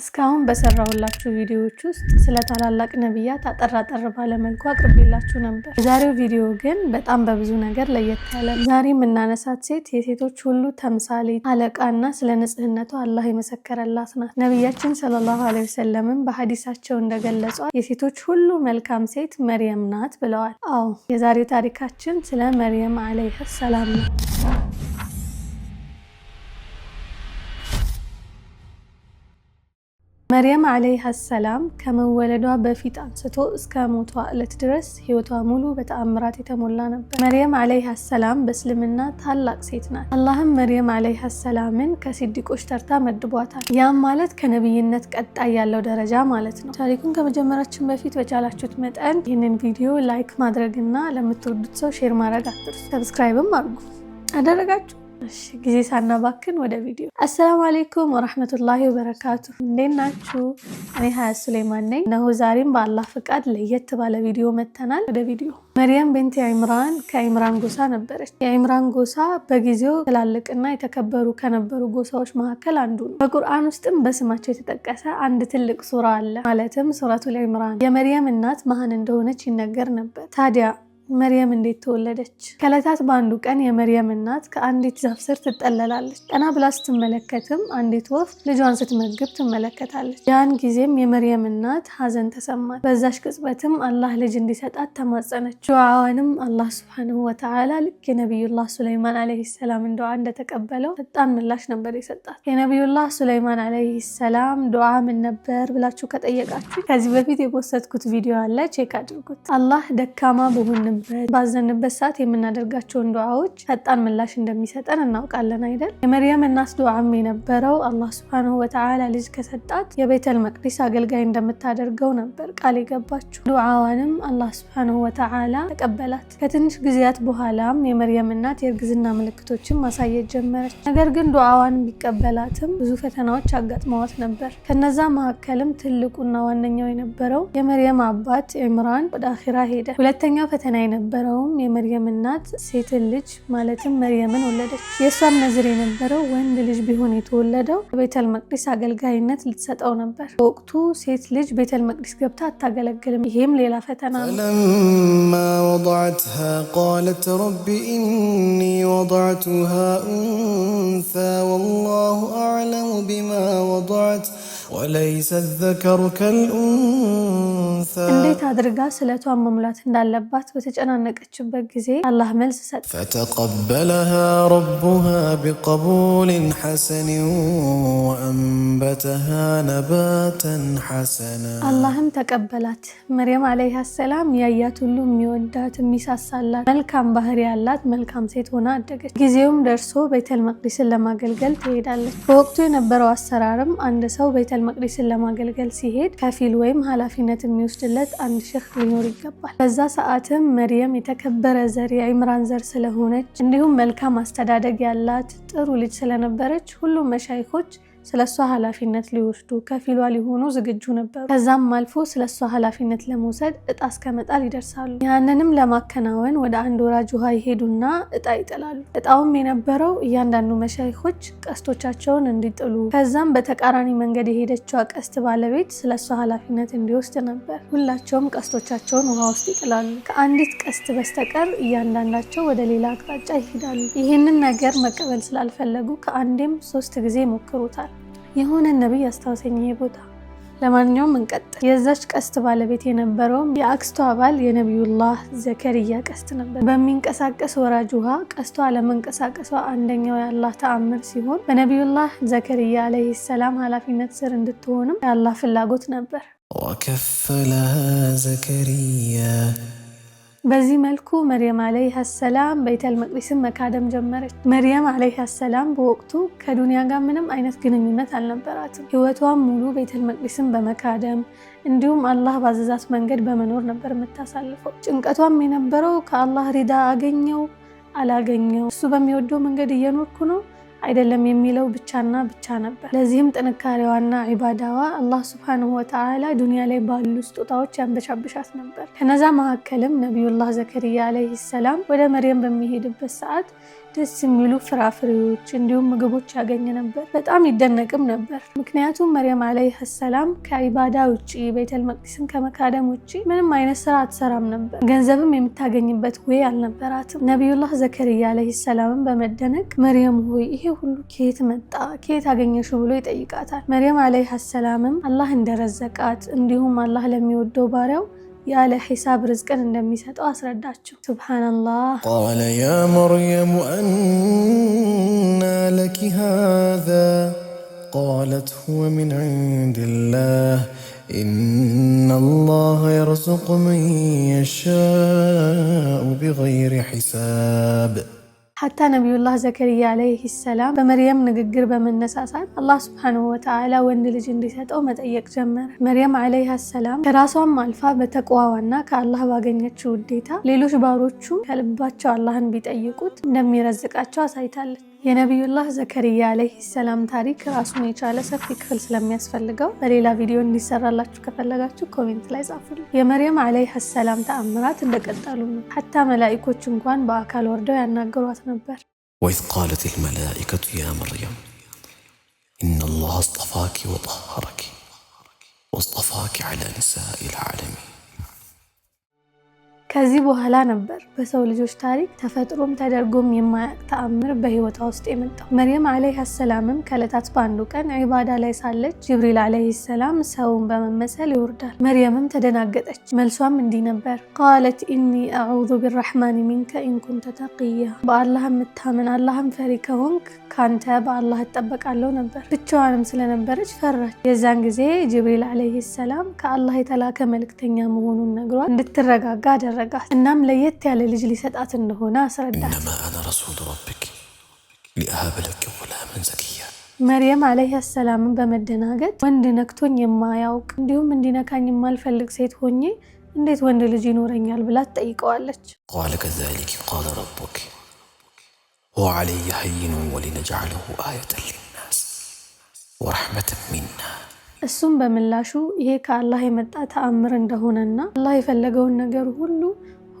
እስካሁን በሰራሁላችሁ ቪዲዮዎች ውስጥ ስለ ታላላቅ ነቢያት አጠራጠር ባለመልኩ አቅርቤላችሁ ነበር። የዛሬው ቪዲዮ ግን በጣም በብዙ ነገር ለየት ያለ ዛሬ የምናነሳት ሴት የሴቶች ሁሉ ተምሳሌ አለቃና ስለ ንጽህነቱ አላህ የመሰከረላት ናት። ነቢያችን ሰለላሁ ዐለይሂ ወሰለምም በሀዲሳቸው እንደገለጿት የሴቶች ሁሉ መልካም ሴት መርየም ናት ብለዋል። አዎ የዛሬ ታሪካችን ስለ መርየም ዐለይሃ ሰላም ነው። መርየም ዓለይሃ ሰላም ከመወለዷ በፊት አንስቶ እስከ ሞቷ ዕለት ድረስ ሕይወቷ ሙሉ በተአምራት የተሞላ ነበር። መርያም ዓለይሃ ሰላም በእስልምና ታላቅ ሴት ናት። አላህም መርየም ዓለይሃ ሰላምን ከሲዲቆች ተርታ መድቧታል። ያም ማለት ከነቢይነት ቀጣይ ያለው ደረጃ ማለት ነው። ታሪኩን ከመጀመራችን በፊት በቻላችሁት መጠን ይህንን ቪዲዮ ላይክ ማድረግና ለምትወዱት ሰው ሼር ማድረግ አትርሱ። ሰብስክራይብም አድርጉ። አደረጋችሁ ጊዜ ሳናባክን ወደ ቪዲዮ። አሰላሙ አሌይኩም ወረህመቱላሂ ወበረካቱ። እንዴት ናችሁ? እኔ ሀያ ሱሌማን ነኝ። እነሆ ዛሬም በአላህ ፍቃድ ለየት ባለ ቪዲዮ መተናል። ወደ ቪዲዮ። መርያም ቤንት ኢምራን ከአይምራን ጎሳ ነበረች። የኢምራን ጎሳ በጊዜው ትላልቅና የተከበሩ ከነበሩ ጎሳዎች መካከል አንዱ ነው። በቁርአን ውስጥም በስማቸው የተጠቀሰ አንድ ትልቅ ሱራ አለ፣ ማለትም ሱረቱል ኢምራን። የመርያም እናት መሀን እንደሆነች ይነገር ነበር። ታዲያ መርየም እንዴት ተወለደች? ከዕለታት በአንዱ ቀን የመርየም እናት ከአንዲት ዛፍ ስር ትጠለላለች። ቀና ብላ ስትመለከትም አንዲት ወፍ ልጇን ስትመግብ ትመለከታለች። ያን ጊዜም የመርየም እናት ሐዘን ተሰማት። በዛች ቅጽበትም አላህ ልጅ እንዲሰጣት ተማጸነች። ዱዓዋንም አላህ ሱብሓነሁ ወተዓላ ልክ የነቢዩላህ ሱለይማን ዓለይሂ ሰላም እንደዋ እንደተቀበለው ፈጣን ምላሽ ነበር የሰጣት። የነቢዩላህ ሱለይማን ዓለይሂ ሰላም ዱዓ ምን ነበር ብላችሁ ከጠየቃችሁ ከዚህ በፊት የፖሰትኩት ቪዲዮ አለ፣ ቼክ አድርጉት። አላህ ደካማ በሆንም በምንጨነቅበት ባዘንበት ሰዓት የምናደርጋቸውን ዱዓዎች ፈጣን ምላሽ እንደሚሰጠን እናውቃለን አይደል? የመርየም እናት ዱዓም የነበረው አላህ ሱብሃነሁ ወተዓላ ልጅ ከሰጣት የቤተል መቅዲስ አገልጋይ እንደምታደርገው ነበር ቃል የገባችው። ዱዓዋንም አላህ ሱብሃነሁ ወተዓላ ተቀበላት። ከትንሽ ጊዜያት በኋላም የመርየም እናት የእርግዝና ምልክቶችን ማሳየት ጀመረች። ነገር ግን ዱዓዋን ቢቀበላትም ብዙ ፈተናዎች አጋጥመዋት ነበር። ከነዛ መካከልም ትልቁና ዋነኛው የነበረው የመርየም አባት ኢምራን ወደ አኺራ ሄደ። ሁለተኛው ፈተና የነበረውም የመርየም እናት ሴትን ልጅ ማለትም መርየምን ወለደች። የእሷም ነዝር የነበረው ወንድ ልጅ ቢሆን የተወለደው ቤተል መቅዲስ አገልጋይነት ልትሰጠው ነበር። በወቅቱ ሴት ልጅ ቤተል መቅዲስ ገብታ አታገለግልም። ይሄም ሌላ ፈተና ነው። ፈለማ ወضعትሃ ቃለት ረቢ እኒ ወضعትሃ እንሳ ወላሁ አዕለሙ ቢማ እንዴት አድርጋ ስለቷን መሙላት እንዳለባት በተጨናነቀችበት ጊዜ አላህ መልስ ሰጠ። ፈተቀበለሃ ረቡሃ ቢቀቡሊን ሐሰኒን ወአንበተሃ ነባተን ሐሰና። አላህም ተቀበላት። መርያም ዓለይሃ ሰላም ያያት ሁሉ የሚወዳት የሚሳሳላት፣ መልካም ባህሪ ያላት መልካም ሴት ሆና አደገች። ጊዜውም ደርሶ ቤተል መቅዲስን ለማገልገል ትሄዳለች። በወቅቱ የነበረው አሰራርም አንድ ሰው ቤተል ቤተል መቅደስን ለማገልገል ሲሄድ ከፊል ወይም ኃላፊነት የሚወስድለት አንድ ሼህ ሊኖር ይገባል። በዛ ሰዓትም መርየም የተከበረ ዘር የኢምራን ዘር ስለሆነች እንዲሁም መልካም አስተዳደግ ያላት ጥሩ ልጅ ስለነበረች ሁሉም መሻይኮች ስለ እሷ ኃላፊነት ሊወስዱ ከፊሏ ሊሆኑ ዝግጁ ነበሩ። ከዛም አልፎ ስለ እሷ ኃላፊነት ለመውሰድ እጣ እስከ መጣል ይደርሳሉ። ያንንም ለማከናወን ወደ አንድ ወራጅ ውሃ ይሄዱና እጣ ይጥላሉ። እጣውም የነበረው እያንዳንዱ መሻይኮች ቀስቶቻቸውን እንዲጥሉ፣ ከዛም በተቃራኒ መንገድ የሄደችዋ ቀስት ባለቤት ስለ እሷ ኃላፊነት እንዲወስድ ነበር። ሁላቸውም ቀስቶቻቸውን ውሃ ውስጥ ይጥላሉ። ከአንዲት ቀስት በስተቀር እያንዳንዳቸው ወደ ሌላ አቅጣጫ ይሄዳሉ። ይህንን ነገር መቀበል ስላልፈለጉ ከአንዴም ሶስት ጊዜ ይሞክሩታል። የሆነ ነቢይ አስታውሰኝ ይሄ ቦታ። ለማንኛውም እንቀጥል። የዛች ቀስት ባለቤት የነበረውም የአክስቷ አባል የነቢዩላህ ዘከርያ ቀስት ነበር። በሚንቀሳቀስ ወራጅ ውሃ ቀስቷ አለመንቀሳቀሷ አንደኛው የአላህ ተአምር ሲሆን በነቢዩላህ ዘከርያ ዓለይሂ ሰላም ኃላፊነት ስር እንድትሆንም የአላህ ፍላጎት ነበር። ወከፈለሃ ዘከርያ በዚህ መልኩ መርየም ዓለይሃ ሰላም በይተል መቅዲስን መካደም ጀመረች። መርየም ዓለይሃ ሰላም በወቅቱ ከዱንያ ጋር ምንም አይነት ግንኙነት አልነበራትም። ህይወቷን ሙሉ ቤተል መቅዲስን በመካደም እንዲሁም አላህ ባዘዛት መንገድ በመኖር ነበር የምታሳልፈው። ጭንቀቷም የነበረው ከአላህ ሪዳ አገኘው አላገኘው፣ እሱ በሚወደው መንገድ እየኖርኩ ነው አይደለም የሚለው ብቻና ብቻ ነበር። ለዚህም ጥንካሬዋና ዒባዳዋ አላህ ስብሓንሁ ወተዓላ ዱንያ ላይ ባሉ ስጦታዎች ያንበሻብሻት ነበር። ከነዛ መካከልም ነቢዩላህ ዘከርያ ዓለይሂ ሰላም ወደ መርየም በሚሄድበት ሰዓት ደስ የሚሉ ፍራፍሬዎች እንዲሁም ምግቦች ያገኝ ነበር። በጣም ይደነቅም ነበር። ምክንያቱም መርየም ዓለይሃ ሰላም ከኢባዳ ውጭ ቤተል መቅዲስን ከመካደም ውጭ ምንም አይነት ስራ አትሰራም ነበር። ገንዘብም የምታገኝበት ወይ አልነበራትም። ነቢዩላህ ዘከርያ ዓለይሂ ሰላምን በመደነቅ መርየም ሆይ ይሄ ሁሉ ከየት መጣ ከየት አገኘሹ ብሎ ይጠይቃታል። መርየም ዓለይሃ ሰላምም አላህ እንደረዘቃት እንዲሁም አላህ ለሚወደው ባሪያው ያለ ሒሳብ ርዝቅን እንደሚሰጠው አስረዳቸው። ሱብሓነላህ። ቃለ ያ መርየሙ አና ለኪ ሃዛ ቃለት ሁወ ምን ዒንዲላህ ኢነላህ የርዙቁ መን የሻኡ ቢገይሪ ሒሳብ ሀታ ነቢዩላህ ዘከርያ አለይህ ሰላም በመርየም ንግግር በመነሳሳት አላህ ስብሐነሁ ወተዓላ ወንድ ልጅ እንዲሰጠው መጠየቅ ጀመረ። መርየም አለይህ ሰላም ከራሷም አልፋ በተቋዋና ከአላህ ባገኘችው ውዴታ ሌሎች ባሮቹ ከልባቸው አላህን ቢጠይቁት እንደሚረዝቃቸው አሳይታለች። የነቢዩላህ ዘከርያ አለይህ ሰላም ታሪክ ራሱን የቻለ ሰፊ ክፍል ስለሚያስፈልገው በሌላ ቪዲዮ እንዲሰራላችሁ ከፈለጋችሁ ኮሜንት ላይ ጻፉልኝ። የመርየም አለይህ ሰላም ተአምራት እንደቀጠሉ ነው። ሀታ መላኢኮች እንኳን በአካል ወርደው ያናገሯት ነው። وإذ قالت الملائكة يا مريم إن الله اصطفاك وطهرك واصطفاك على نساء العالمين ከዚህ በኋላ ነበር በሰው ልጆች ታሪክ ተፈጥሮም ተደርጎም የማያቅ ተአምር በህይወቷ ውስጥ የመጣው። መርየም ዓለይሃ ሰላምም ከእለታት በአንዱ ቀን ዒባዳ ላይ ሳለች ጅብሪል ዓለይሂ ሰላም ሰውን በመመሰል ይወርዳል። መርየምም ተደናገጠች። መልሷም እንዲህ ነበር፣ ቃለት ኢኒ አዑዙ ቢራሕማን ሚንከ ኢንኩንተ ተቅያ። በአላህ የምታምን አላህም ፈሪ ከሆንክ ካንተ በአላህ እጠበቃለሁ ነበር። ብቻዋንም ስለነበረች ፈራች። የዛን ጊዜ ጅብሪል ዓለይሂ ሰላም ከአላህ የተላከ መልእክተኛ መሆኑን ነግሯል እንድትረጋጋ አደረ አደረጋት። እናም ለየት ያለ ልጅ ሊሰጣት እንደሆነ አስረዳት። አነ ረሱሉ ረቢክ ሊአሀበ ጉላመን ዘኪያ መርየም አለህ አሰላምን በመደናገጥ ወንድ ነክቶኝ የማያውቅ እንዲሁም እንዲነካኝ የማልፈልግ ሴት ሆኜ እንዴት ወንድ ልጅ ይኖረኛል ብላ ትጠይቀዋለች። ቃለ ከዛሊክ ቃለ ረቡክ ወዐለየ ሀይኑ ወሊነጅዐለሁ አየተን ሊናስ ወረሕመተን ሚና እሱም በምላሹ ይሄ ከአላህ የመጣ ተአምር እንደሆነና አላህ የፈለገውን ነገር ሁሉ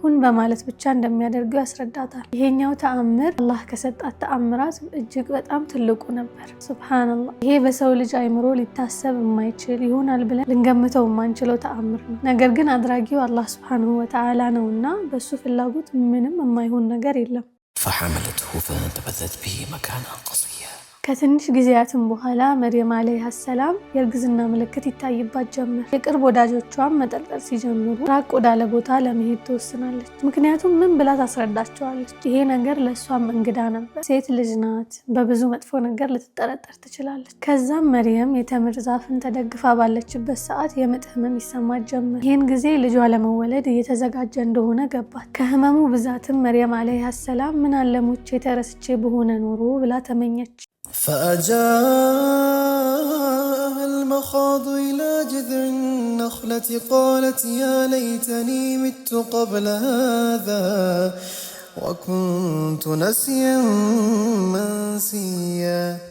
ሁን በማለት ብቻ እንደሚያደርገው ያስረዳታል። ይሄኛው ተአምር አላህ ከሰጣት ተአምራት እጅግ በጣም ትልቁ ነበር። ሱብሃነላህ ይሄ በሰው ልጅ አይምሮ ሊታሰብ የማይችል ይሆናል ብለን ልንገምተው የማንችለው ተአምር ነው። ነገር ግን አድራጊው አላህ ሱብሃነሁ ወተዓላ እና በእሱ ፍላጎት ምንም የማይሆን ነገር የለም። ፈሐመለትሁ ፈንተበዘት ብሂ መካና ቀስያ ከትንሽ ጊዜያትም በኋላ መርየም ዓለይሃ ሰላም የእርግዝና ምልክት ይታይባት ጀመር። የቅርብ ወዳጆቿን መጠርጠር ሲጀምሩ ራቅ ወዳለ ቦታ ለመሄድ ትወስናለች። ምክንያቱም ምን ብላ ታስረዳቸዋለች? ይሄ ነገር ለእሷም እንግዳ ነበር። ሴት ልጅ ናት፣ በብዙ መጥፎ ነገር ልትጠረጠር ትችላለች። ከዛም መርየም የተምር ዛፍን ተደግፋ ባለችበት ሰዓት የምጥ ህመም ይሰማት ጀመር። ይህን ጊዜ ልጇ ለመወለድ እየተዘጋጀ እንደሆነ ገባት። ከህመሙ ብዛትም መርየም ዓለይሃ ሰላም ምን አለሞቼ ተረስቼ በሆነ ኖሮ ብላ ተመኘች። فأجاء المخاض إلى جذع النخلة قالت يا ليتني مت قبل هذا وكنت نسيا منسيا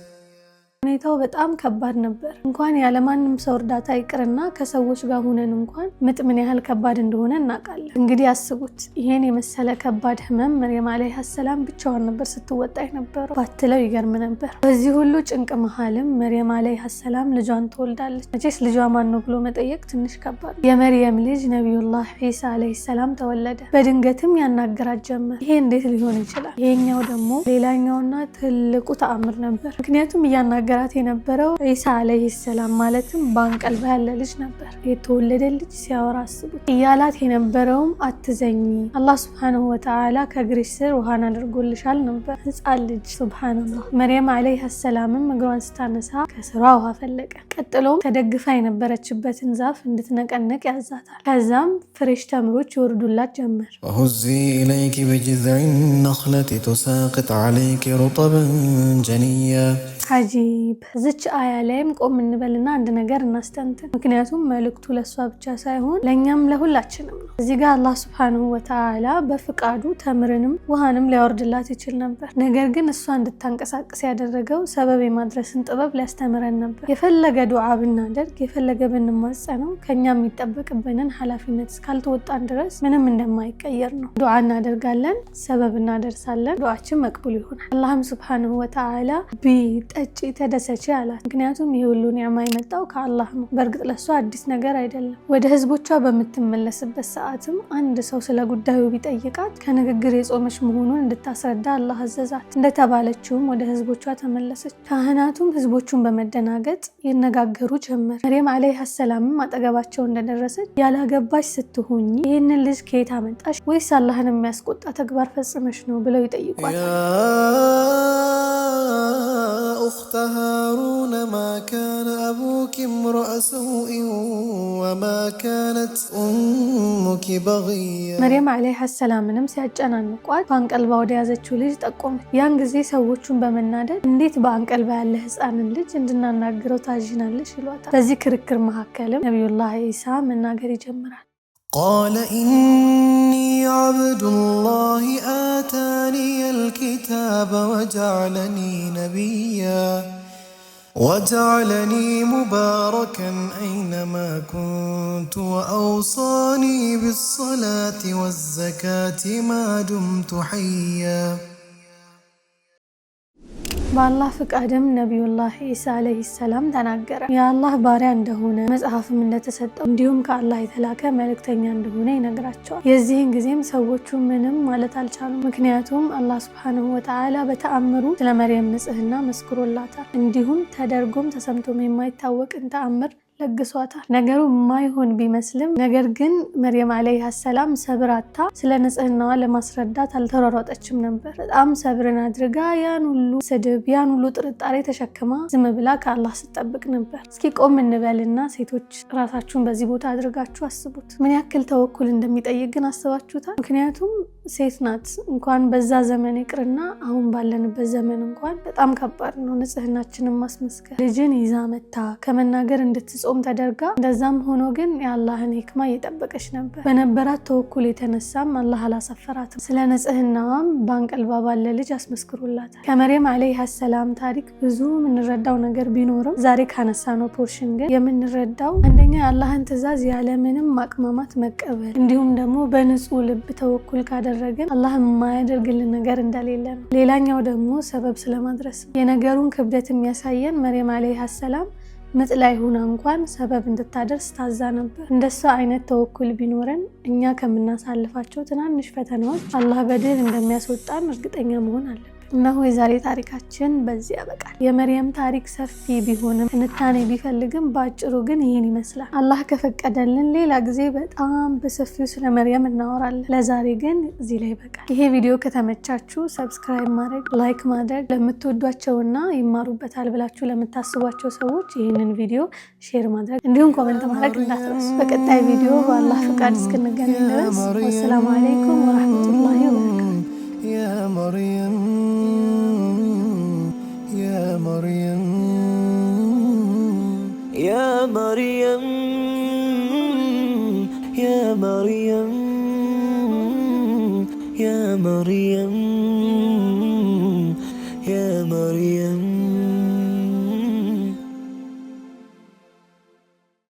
ሁኔታው በጣም ከባድ ነበር። እንኳን ያለማንም ሰው እርዳታ ይቅርና ከሰዎች ጋር ሁነን እንኳን ምጥ ምን ያህል ከባድ እንደሆነ እናውቃለን። እንግዲህ አስቡት ይሄን የመሰለ ከባድ ህመም መርየም ዓለይሃ ሰላም ብቻዋን ነበር ስትወጣ ነበረው ባትለው ይገርም ነበር። በዚህ ሁሉ ጭንቅ መሀልም መርየም ዓለይሃ ሰላም ልጇን ትወልዳለች። መቼስ ልጇ ማን ነው ብሎ መጠየቅ ትንሽ ከባድ። የመርየም ልጅ ነቢዩላህ ዒሳ ዓለይሂ ሰላም ተወለደ። በድንገትም ያናገራት ጀመር። ይሄ እንዴት ሊሆን ይችላል? ይሄኛው ደግሞ ሌላኛውና ትልቁ ተአምር ነበር። ምክንያቱም እያናገራት ሲያወራት የነበረው ኢሳ አለይሂ ሰላም ማለትም በአንቀልባ ያለ ልጅ ነበር። የተወለደ ልጅ ሲያወራ አስቡት። እያላት የነበረውም አትዘኝ፣ አላህ ስብሓንሁ ወተዓላ ከእግርሽ ስር ውሃን አድርጎልሻል ነበር። ህፃን ልጅ ስብሓንላህ። መርያም አለይሂ ሰላምም እግሯን ስታነሳ ከስሯ ውሃ ፈለቀ። ቀጥሎም ተደግፋ የነበረችበትን ዛፍ እንድትነቀነቅ ያዛታል። ከዛም ፍሬሽ ተምሮች ይወርዱላት ጀመር። ሁዚ ኢለይኪ በጅዝዒ ነኽለቲ ቱሳቅጥ ዓለይኪ ሩጠበን ጀንያ አጂብ እዚች አያ ላይም ቆም እንበልና አንድ ነገር እናስተንትን። ምክንያቱም መልእክቱ ለእሷ ብቻ ሳይሆን ለእኛም ለሁላችንም ነው። እዚህ ጋር አላህ ስብሐነሁ ወተዓላ በፍቃዱ ተምርንም ውሃንም ሊያወርድላት ይችል ነበር። ነገር ግን እሷ እንድታንቀሳቅስ ያደረገው ሰበብ የማድረስን ጥበብ ሊያስተምረን ነበር። የፈለገ ዱዓ ብናደርግ የፈለገ ብንማጸነው ከእኛ የሚጠበቅብንን ኃላፊነት እስካልተወጣን ድረስ ምንም እንደማይቀየር ነው። ዱዓ እናደርጋለን፣ ሰበብ እናደርሳለን፣ ዱዓችን መቅቡል ይሆናል። አላህም ስብሐነሁ ወተዓላ ጠጪ፣ ተደሰች አላት። ምክንያቱም ይህ ሁሉ ኒዕማ የመጣው ከአላህ ነው። በእርግጥ ለሷ አዲስ ነገር አይደለም። ወደ ህዝቦቿ በምትመለስበት ሰዓትም አንድ ሰው ስለ ጉዳዩ ቢጠይቃት ከንግግር የጾመች መሆኑን እንድታስረዳ አላህ አዘዛት። እንደተባለችውም ወደ ህዝቦቿ ተመለሰች። ካህናቱም ህዝቦቹን በመደናገጥ ይነጋገሩ ጀመር። መርየም ዓለይሃ ሰላምም አጠገባቸው እንደደረሰች ያላገባች ስትሆኝ ይህንን ልጅ ከየት አመጣሽ? ወይስ አላህን የሚያስቆጣ ተግባር ፈጽመሽ ነው? ብለው ይጠይቋል። أخت هارون ما كان أبوك امرأ سوء وما كانت أمك بغيا مريم عليه السلام نم ሲያጨናንቋት በአንቀልባ ወደ ያዘችው ልጅ ጠቆመች። ያን ጊዜ ሰዎቹን በመናደድ እንዴት በአንቀልባ ያለ ሕፃንን ልጅ እንድናናግረው ታዥናለሽ ይሏታል። በዚህ ክርክር መካከልም ነቢዩላህ ኢሳ መናገር ይጀምራል። قال إني عبد الله آتاني الكتاب وجعلني نبيا وجعلني مباركا أينما كنت وأوصاني بالصلاة والزكاة ما دمت حياً በአላህ ፍቃድም ነቢዩላህ ኢሳ ዓለይሂ ሰላም ተናገረ። የአላህ ባሪያ እንደሆነ መጽሐፍም እንደተሰጠው እንዲሁም ከአላህ የተላከ መልእክተኛ እንደሆነ ይነግራቸዋል። የዚህን ጊዜም ሰዎቹ ምንም ማለት አልቻሉም። ምክንያቱም አላህ ሱብሓነሁ ወተዓላ በተአምሩ ስለ መርየም ንጽህና መስክሮላታል። እንዲሁም ተደርጎም ተሰምቶም የማይታወቅን ተአምር ለግሷታል። ነገሩ የማይሆን ቢመስልም ነገር ግን መርየም ዓለይሃ ሰላም ሰብራታ ስለ ንጽህናዋ ለማስረዳት አልተሯሯጠችም ነበር። በጣም ሰብርን አድርጋ ያን ሁሉ ስድብ፣ ያን ሁሉ ጥርጣሬ ተሸክማ ዝም ብላ ከአላህ ስጠብቅ ነበር። እስኪ ቆም እንበልና ሴቶች ራሳችሁን በዚህ ቦታ አድርጋችሁ አስቡት። ምን ያክል ተወኩል እንደሚጠይቅ ግን አስባችሁታል? ምክንያቱም ሴት ናት። እንኳን በዛ ዘመን ይቅርና አሁን ባለንበት ዘመን እንኳን በጣም ከባድ ነው ንጽህናችንን ማስመስከር። ልጅን ይዛ መታ ከመናገር እንድትጾም ተደርጋ፣ እንደዛም ሆኖ ግን የአላህን ሂክማ እየጠበቀች ነበር። በነበራት ተወኩል የተነሳም አላህ አላሰፈራትም። ስለ ንጽህናዋም በአንቀልባ ባለ ልጅ አስመስክሮላታል። ከመሪም ዓለይሃ ሰላም ታሪክ ብዙ የምንረዳው ነገር ቢኖርም ዛሬ ካነሳ ነው ፖርሽን ግን የምንረዳው አንደኛ የአላህን ትዕዛዝ ያለምንም ማቅማማት መቀበል እንዲሁም ደግሞ በንጹህ ልብ ተወኩል ካደረ ካላደረግን አላህ የማያደርግልን ነገር እንደሌለ ነው። ሌላኛው ደግሞ ሰበብ ስለማድረስ ነው። የነገሩን ክብደት የሚያሳየን መርየም ዓለይሃ ሰላም ምጥ ላይ ሁና እንኳን ሰበብ እንድታደርስ ታዛ ነበር። እንደሷ አይነት ተወኩል ቢኖረን እኛ ከምናሳልፋቸው ትናንሽ ፈተናዎች አላህ በድል እንደሚያስወጣን እርግጠኛ መሆን አለን። እነሆ የዛሬ ታሪካችን በዚህ ያበቃል። የመርያም ታሪክ ሰፊ ቢሆንም ትንታኔ ቢፈልግም በአጭሩ ግን ይህን ይመስላል። አላህ ከፈቀደልን ሌላ ጊዜ በጣም በሰፊው ስለ መርያም እናወራለን። ለዛሬ ግን እዚህ ላይ ይበቃል። ይሄ ቪዲዮ ከተመቻችሁ ሰብስክራይብ ማድረግ፣ ላይክ ማድረግ ለምትወዷቸውና ይማሩበታል ብላችሁ ለምታስቧቸው ሰዎች ይህንን ቪዲዮ ሼር ማድረግ እንዲሁም ኮመንት ማድረግ እንዳትረሱ። በቀጣይ ቪዲዮ በአላህ ፍቃድ እስክንገናኝ ድረስ ወሰላሙ አሌይኩም ወረመ